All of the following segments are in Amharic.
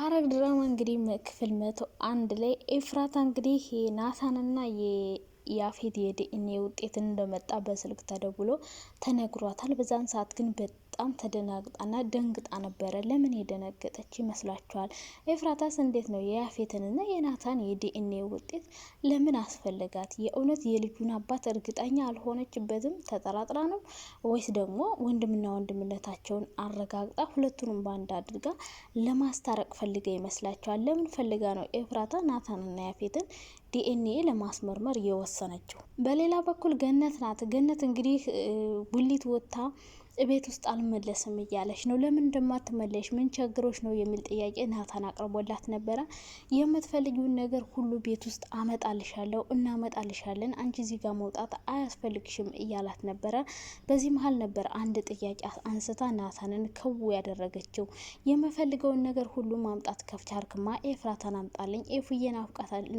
ሐረግ ድራማ እንግዲህ ክፍል መቶ አንድ ላይ ኤፍራታ እንግዲህ ናታንና የያፌት የዲኤንኤ ውጤትን እንደመጣ በስልክ ተደውሎ ተነግሯታል። በዛን ሰዓት ግን በጣም ተደናግጣና ደንግጣ ነበረ። ለምን የደነገጠች ይመስላችኋል? ኤፍራታስ እንዴት ነው የያፌትንና የናታን የዲኤንኤ ውጤት ለምን አስፈልጋት? የእውነት የልጁን አባት እርግጠኛ አልሆነችበትም። ተጠራጥራ ነው ወይስ ደግሞ ወንድምና ወንድምነታቸውን አረጋግጣ ሁለቱንም ባንድ አድርጋ ለማስታረቅ ፈልጋ ይመስላችኋል? ለምን ፈልጋ ነው ኤፍራታ ናታንና ያፌትን ዲኤንኤ ለማስመርመር የወሰነችው? በሌላ በኩል ገነት ናት። ገነት እንግዲህ ጉሊት ወጥታ ቤት ውስጥ አልመለስም እያለች ነው። ለምን እንደማትመለሽ ምን ቸግሮች ነው የሚል ጥያቄ ናታን አቅርቦላት ነበረ። የምትፈልጊውን ነገር ሁሉ ቤት ውስጥ አመጣልሻለሁ፣ እናመጣልሻለን፣ አንቺ እዚህ ጋር መውጣት አያስፈልግሽም እያላት ነበረ። በዚህ መሀል ነበር አንድ ጥያቄ አንስታ ናታንን ከው ያደረገችው። የምፈልገውን ነገር ሁሉ ማምጣት ከፍቻርክማ ኤፍራታን አምጣልኝ፣ ኤፉዬ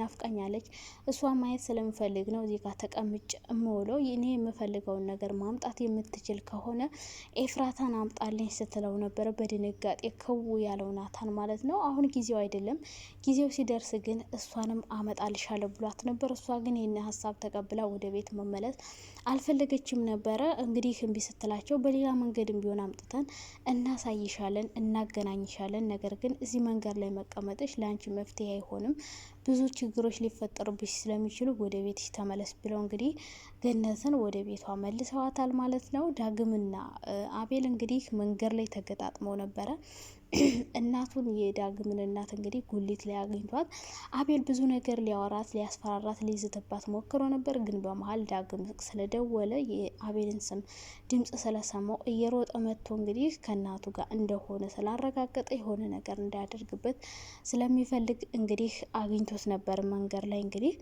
ናፍቃኛለች፣ እሷ ማየት ስለምፈልግ ነው እዚህ ጋር ተቀምጭ እምውለው። እኔ የምፈልገውን ነገር ማምጣት የምትችል ከሆነ ኤፍራታን አምጣልኝ ስትለው ነበረ። በድንጋጤ ክው ያለው ናታን ማለት ነው። አሁን ጊዜው አይደለም፣ ጊዜው ሲደርስ ግን እሷንም አመጣልሻለሁ ብሏት ነበር። እሷ ግን ይህን ሀሳብ ተቀብላ ወደ ቤት መመለስ አልፈለገችም ነበረ። እንግዲህ እምቢ ስትላቸው በሌላ መንገድም ቢሆን አምጥተን እናሳይሻለን፣ እናገናኝሻለን፣ ነገር ግን እዚህ መንገድ ላይ መቀመጥሽ ለአንቺ መፍትሄ አይሆንም ብዙ ችግሮች ሊፈጠሩብሽ ስለሚችሉ ወደ ቤትሽ ተመለስ ብለው እንግዲህ ገነትን ወደ ቤቷ መልሰዋታል ማለት ነው። ዳግምና አቤል እንግዲህ መንገድ ላይ ተገጣጥመው ነበረ። እናቱን የዳግምን እናት እንግዲህ ጉሊት ላይ አግኝቷት አቤል ብዙ ነገር ሊያወራት ሊያስፈራራት ሊይዝትባት ሞክሮ ነበር። ግን በመሀል ዳግም ስለደወለ የአቤልን ስም ድምጽ ስለሰማው እየሮጠ መጥቶ እንግዲህ ከእናቱ ጋር እንደሆነ ስላረጋገጠ የሆነ ነገር እንዳያደርግበት ስለሚፈልግ እንግዲህ አግኝቶት ነበር። መንገድ ላይ እንግዲህ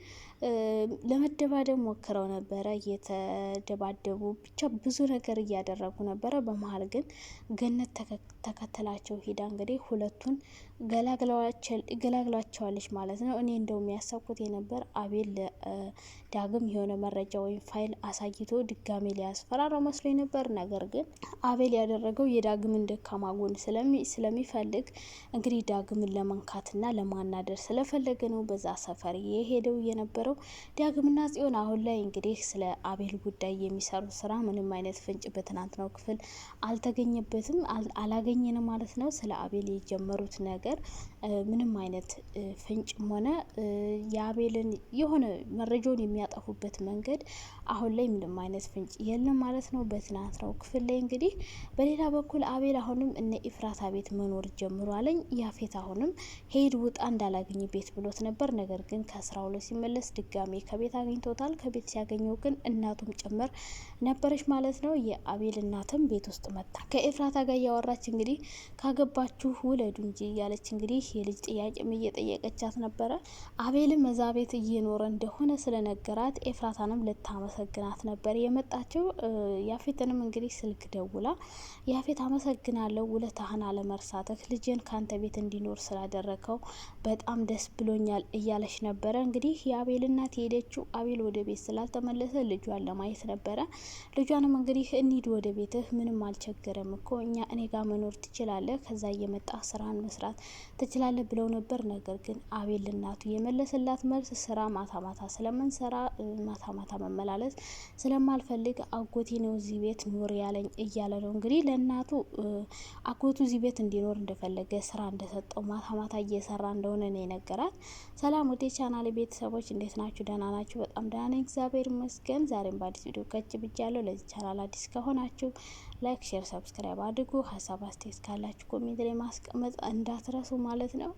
ለመደባደብ ሞክረው ነበረ። እየተደባደቡ ብቻ ብዙ ነገር እያደረጉ ነበረ። በመሀል ግን ገነት ተከተላቸው ሄዳ እንግዲህ ሁለቱን ገላግሏቸዋለች ማለት ነው። እኔ እንደውም ያሰብኩት የነበር አቤል ዳግም የሆነ መረጃ ወይም ፋይል አሳይቶ ድጋሜ ሊያስፈራረው መስሎ ነበር። ነገር ግን አቤል ያደረገው የዳግምን ደካማ ጎን ስለሚፈልግ እንግዲህ ዳግምን ለመንካትና ለማናደር ስለፈለገ ነው በዛ ሰፈር የሄደው የነበረው። ዳግምና ጽዮን አሁን ላይ እንግዲህ ስለ አቤል ጉዳይ የሚሰሩ ስራ ምንም አይነት ፍንጭ በትናንትናው ክፍል አልተገኘበትም፣ አላገኘንም ማለት ነው። ስለ አቤል የጀመሩት ነገር ምንም አይነት ፍንጭም ሆነ የአቤልን የሆነ መረጃውን የሚያጠፉበት መንገድ አሁን ላይ ምንም አይነት ፍንጭ የለም ማለት ነው። በትናንት ነው ክፍል ላይ እንግዲህ በሌላ በኩል አቤል አሁንም እነ ኢፍራታ ቤት መኖር ጀምሯለኝ። ያፌት አሁንም ሄድ ውጣ እንዳላገኝ ቤት ብሎት ነበር። ነገር ግን ከስራ ውሎ ሲመለስ ድጋሜ ከቤት አግኝቶታል። ከቤት ሲያገኘው ግን እናቱም ጭምር ነበረች ማለት ነው። የአቤል እናትም ቤት ውስጥ መታ ከኤፍራታ ጋር እያወራች እንግዲህ ካገባ ባገባችሁ ውለዱ እንጂ እያለች እንግዲህ የልጅ ጥያቄም እየጠየቀቻት ነበረ። አቤልም እዛ ቤት እየኖረ እንደሆነ ስለነገራት ኤፍራታንም ልታመሰግናት ነበር የመጣችው ያፌትንም እንግዲህ ስልክ ደውላ ያፌት አመሰግናለሁ፣ ውለታህን አለመርሳትህ፣ ልጄን ካንተ ቤት እንዲኖር ስላደረከው በጣም ደስ ብሎኛል እያለች ነበረ። እንግዲህ የአቤል እናት የሄደችው አቤል ወደ ቤት ስላልተመለሰ ልጇን ለማየት ነበረ። ልጇንም እንግዲህ እንሂድ ወደ ቤትህ፣ ምንም አልቸገረም እኮ እኛ እኔ ጋር መኖር ትችላለህ ከዛ እየመጣ ስራን መስራት ትችላለህ ብለው ነበር። ነገር ግን አቤል እናቱ የመለሰላት መልስ ስራ ማታ ማታ ስለምንሰራ ማታ ማታ መመላለስ ስለማልፈልግ አጎቴ ነው እዚህ ቤት ኑር ያለኝ እያለ ነው እንግዲህ ለእናቱ አጎቱ እዚህ ቤት እንዲኖር እንደፈለገ ስራ እንደሰጠው ማታ ማታ እየሰራ እንደሆነ ነው የነገራት። ሰላም ወደ ቻናል ቤተሰቦች እንዴት ናችሁ? ደህና ናችሁ? በጣም ደህና ነኝ፣ እግዚአብሔር ይመስገን። ዛሬም በአዲስ ቪዲዮ ከች ብያለሁ። ለዚህ ቻናል አዲስ ከሆናችሁ ላይክ፣ ሼር፣ ሰብስክራይብ አድርጉ። ሀሳብ አስተያየት ካላችሁ ኮሜንት ላይ ማስቀመጥ እንዳትረሱ ማለት ነው።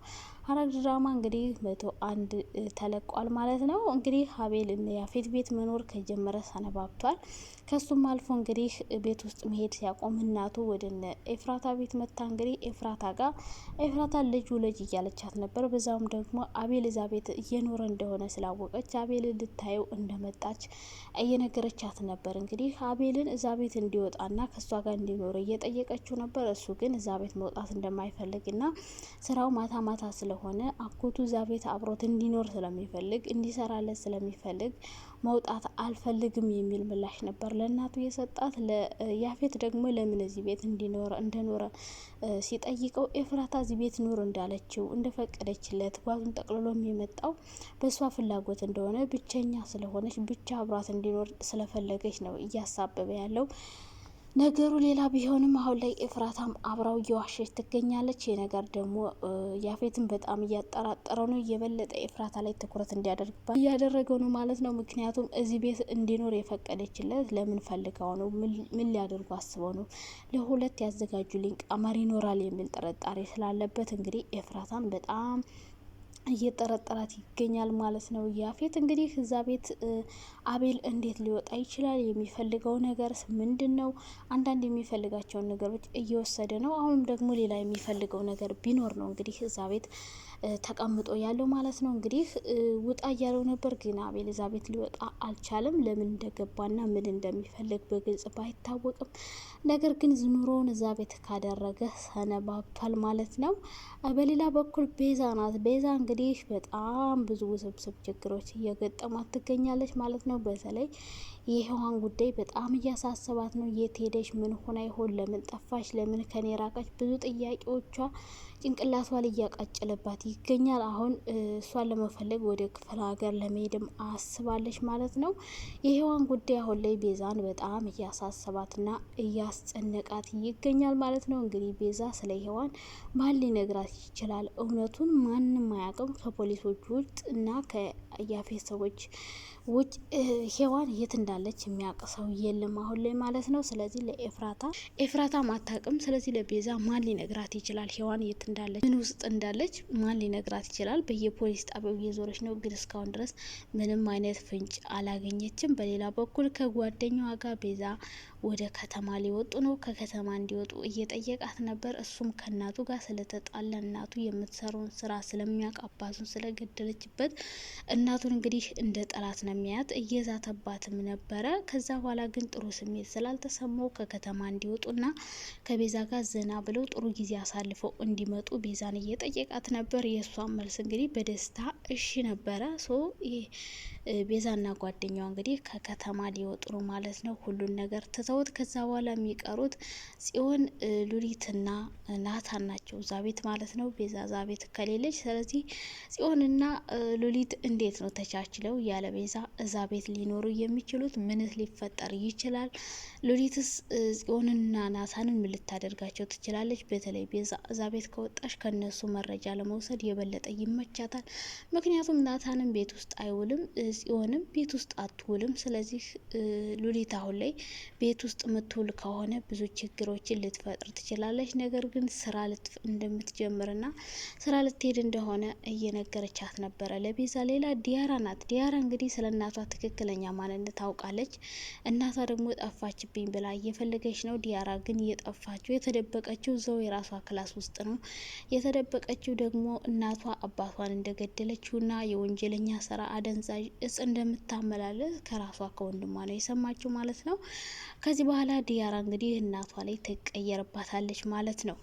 ሐረግ ድራማ እንግዲህ መቶ አንድ ተለቋል ማለት ነው። እንግዲህ ሀቤል ያፌት ቤት መኖር ከጀመረ ሰነባብቷል። ከሱም አልፎ እንግዲህ ቤት ውስጥ መሄድ ሲያቆም እናቱ ወደ ኤፍራታ ቤት መታ እንግዲህ ኤፍራታ ጋር ኤፍራታ ልጅ ልጅ እያለቻት ነበር። በዛውም ደግሞ አቤል እዛ ቤት እየኖረ እንደሆነ ስላወቀች አቤል ልታየው እንደመጣች እየነገረቻት ነበር። እንግዲህ አቤልን እዛ ቤት እንዲወጣና ከሷ ጋር እንዲኖር እየጠየቀችው ነበር። እሱ ግን እዛ ቤት መውጣት እንደማይፈልግና ስራው ማታ ማታ ስለሆነ አጎቱ እዛ ቤት አብሮት እንዲኖር ስለሚፈልግ እንዲሰራለት ስለሚፈልግ መውጣት አልፈልግም የሚል ምላሽ ነበር ለእናቱ የሰጣት። ያፌት ደግሞ ለምን እዚህ ቤት እንዲኖር እንደኖረ ሲጠይቀው ኤፍራታ እዚህ ቤት ኑር እንዳለችው እንደፈቀደችለት ጓዙን ጠቅልሎ የመጣው በእሷ ፍላጎት እንደሆነ ብቸኛ ስለሆነች ብቻ አብሯት እንዲኖር ስለፈለገች ነው እያሳበበ ያለው። ነገሩ ሌላ ቢሆንም አሁን ላይ ኤፍራታም አብራው እየዋሸች ትገኛለች። ይህ ነገር ደግሞ ያፌትን በጣም እያጠራጠረው ነው። የበለጠ ኤፍራታ ላይ ትኩረት እንዲያደርግባት እያደረገው ነው ማለት ነው። ምክንያቱም እዚህ ቤት እንዲኖር የፈቀደችለት ለምን ፈልገው ነው? ምን ሊያደርጉ አስበው ነው? ለሁለት ያዘጋጁልኝ ቀመር ይኖራል የሚል ጥርጣሬ ስላለበት እንግዲህ ኤፍራታም በጣም እየጠረጠራት ይገኛል ማለት ነው። ያፌት እንግዲህ እዛ ቤት አቤል እንዴት ሊወጣ ይችላል? የሚፈልገው ነገርስ ምንድን ነው? አንዳንድ የሚፈልጋቸውን ነገሮች እየወሰደ ነው። አሁንም ደግሞ ሌላ የሚፈልገው ነገር ቢኖር ነው እንግዲህ እዛ ቤት ተቀምጦ ያለው ማለት ነው። እንግዲህ ውጣ እያለው ነበር፣ ግን ኤልዛቤት ሊወጣ አልቻለም። ለምን እንደገባና ምን እንደሚፈልግ በግልጽ ባይታወቅም፣ ነገር ግን ዝኑሮውን እዛ ቤት ካደረገ ሰነባብቷል ማለት ነው። በሌላ በኩል ቤዛ ናት። ቤዛ እንግዲህ በጣም ብዙ ውስብስብ ችግሮች እየገጠማት ትገኛለች ማለት ነው። በተለይ የህዋን ጉዳይ በጣም እያሳሰባት ነው። የት ሄደች? ምን ሆና ይሆን? ለምን ጠፋች? ለምን ከኔ ራቀች? ብዙ ጥያቄዎቿ ላይ እያቃጨለባት ይገኛል። አሁን እሷን ለመፈለግ ወደ ክፍለ ሀገር ለመሄድም አስባለች ማለት ነው። የሔዋን ጉዳይ አሁን ላይ ቤዛን በጣም እያሳሰባትና እያስጨነቃት ይገኛል ማለት ነው። እንግዲህ ቤዛ ስለ ሔዋን ማን ሊነግራት ይችላል? እውነቱን ማንም አያውቅም ከፖሊሶች ውጭ እና የአፌ ሰዎች ውጭ ሄዋን የት እንዳለች የሚያውቅ ሰው የለም አሁን ላይ ማለት ነው። ስለዚህ ለኤፍራታ ኤፍራታ ማታቅም። ስለዚህ ለቤዛ ማን ሊነግራት ይችላል? ሄዋን የት እንዳለች ምን ውስጥ እንዳለች ማን ሊነግራት ይችላል? በየፖሊስ ጣቢያው እየዞረች ነው፣ ግን እስካሁን ድረስ ምንም አይነት ፍንጭ አላገኘችም። በሌላ በኩል ከጓደኛዋ ጋር ቤዛ ወደ ከተማ ሊወጡ ነው። ከከተማ እንዲወጡ እየጠየቃት ነበር። እሱም ከእናቱ ጋር ስለተጣላ እናቱ የምትሰራውን ስራ ስለሚያውቅ አባቱን ስለገደለችበት እናቱን እንግዲህ እንደ ጠላት ነው የሚያያት። እየዛተባትም ነበረ። ከዛ በኋላ ግን ጥሩ ስሜት ስላልተሰማው ከከተማ እንዲወጡና ከቤዛ ጋር ዘና ብለው ጥሩ ጊዜ አሳልፈው እንዲመጡ ቤዛን እየጠየቃት ነበር። የእሷን መልስ እንግዲህ በደስታ እሺ ነበረ ሶ ቤዛና ጓደኛዋ እንግዲህ ከከተማ ሊወጡ ነው ማለት ነው። ሁሉን ነገር ትተውት ከዛ በኋላ የሚቀሩት ጽዮን፣ ሉሊትና ናታን ናቸው እዛ ቤት ማለት ነው። ቤዛ እዛ ቤት ከሌለች፣ ስለዚህ ጽዮንና ሉሊት እንዴት ነው ተቻችለው ያለ ቤዛ እዛ ቤት ሊኖሩ የሚችሉት? ምንስ ሊፈጠር ይችላል? ሉሊትስ ጽዮንና ናታንን ምን ልታደርጋቸው ትችላለች? በተለይ ቤዛ እዛ ቤት ከወጣሽ ከነሱ መረጃ ለመውሰድ የበለጠ ይመቻታል። ምክንያቱም ናታንን ቤት ውስጥ አይውልም። ጽዮንም ቤት ውስጥ አትውልም። ስለዚህ ሉሊት አሁን ላይ ቤት ውስጥ የምትውል ከሆነ ብዙ ችግሮችን ልትፈጥር ትችላለች። ነገር ግን ስራ እንደምትጀምርና ስራ ልትሄድ እንደሆነ እየነገረቻት ነበረ ለቤዛ። ሌላ ዲያራ ናት። ዲያራ እንግዲህ ስለ እናቷ ትክክለኛ ማንነት ታውቃለች። እናቷ ደግሞ ጠፋችብኝ ብላ እየፈለገች ነው። ዲያራ ግን እየጠፋችው የተደበቀችው ዘው የራሷ ክላስ ውስጥ ነው የተደበቀችው ደግሞ እናቷ አባቷን እንደገደለችውና የወንጀለኛ ስራ አደንዛዥ እጽ እንደምታመላለስ ከራሷ ከወንድሟ ነው የሰማችው ማለት ነው። ከዚህ በኋላ ዲያራ እንግዲህ እናቷ ላይ ትቀየርባታለች ማለት ነው።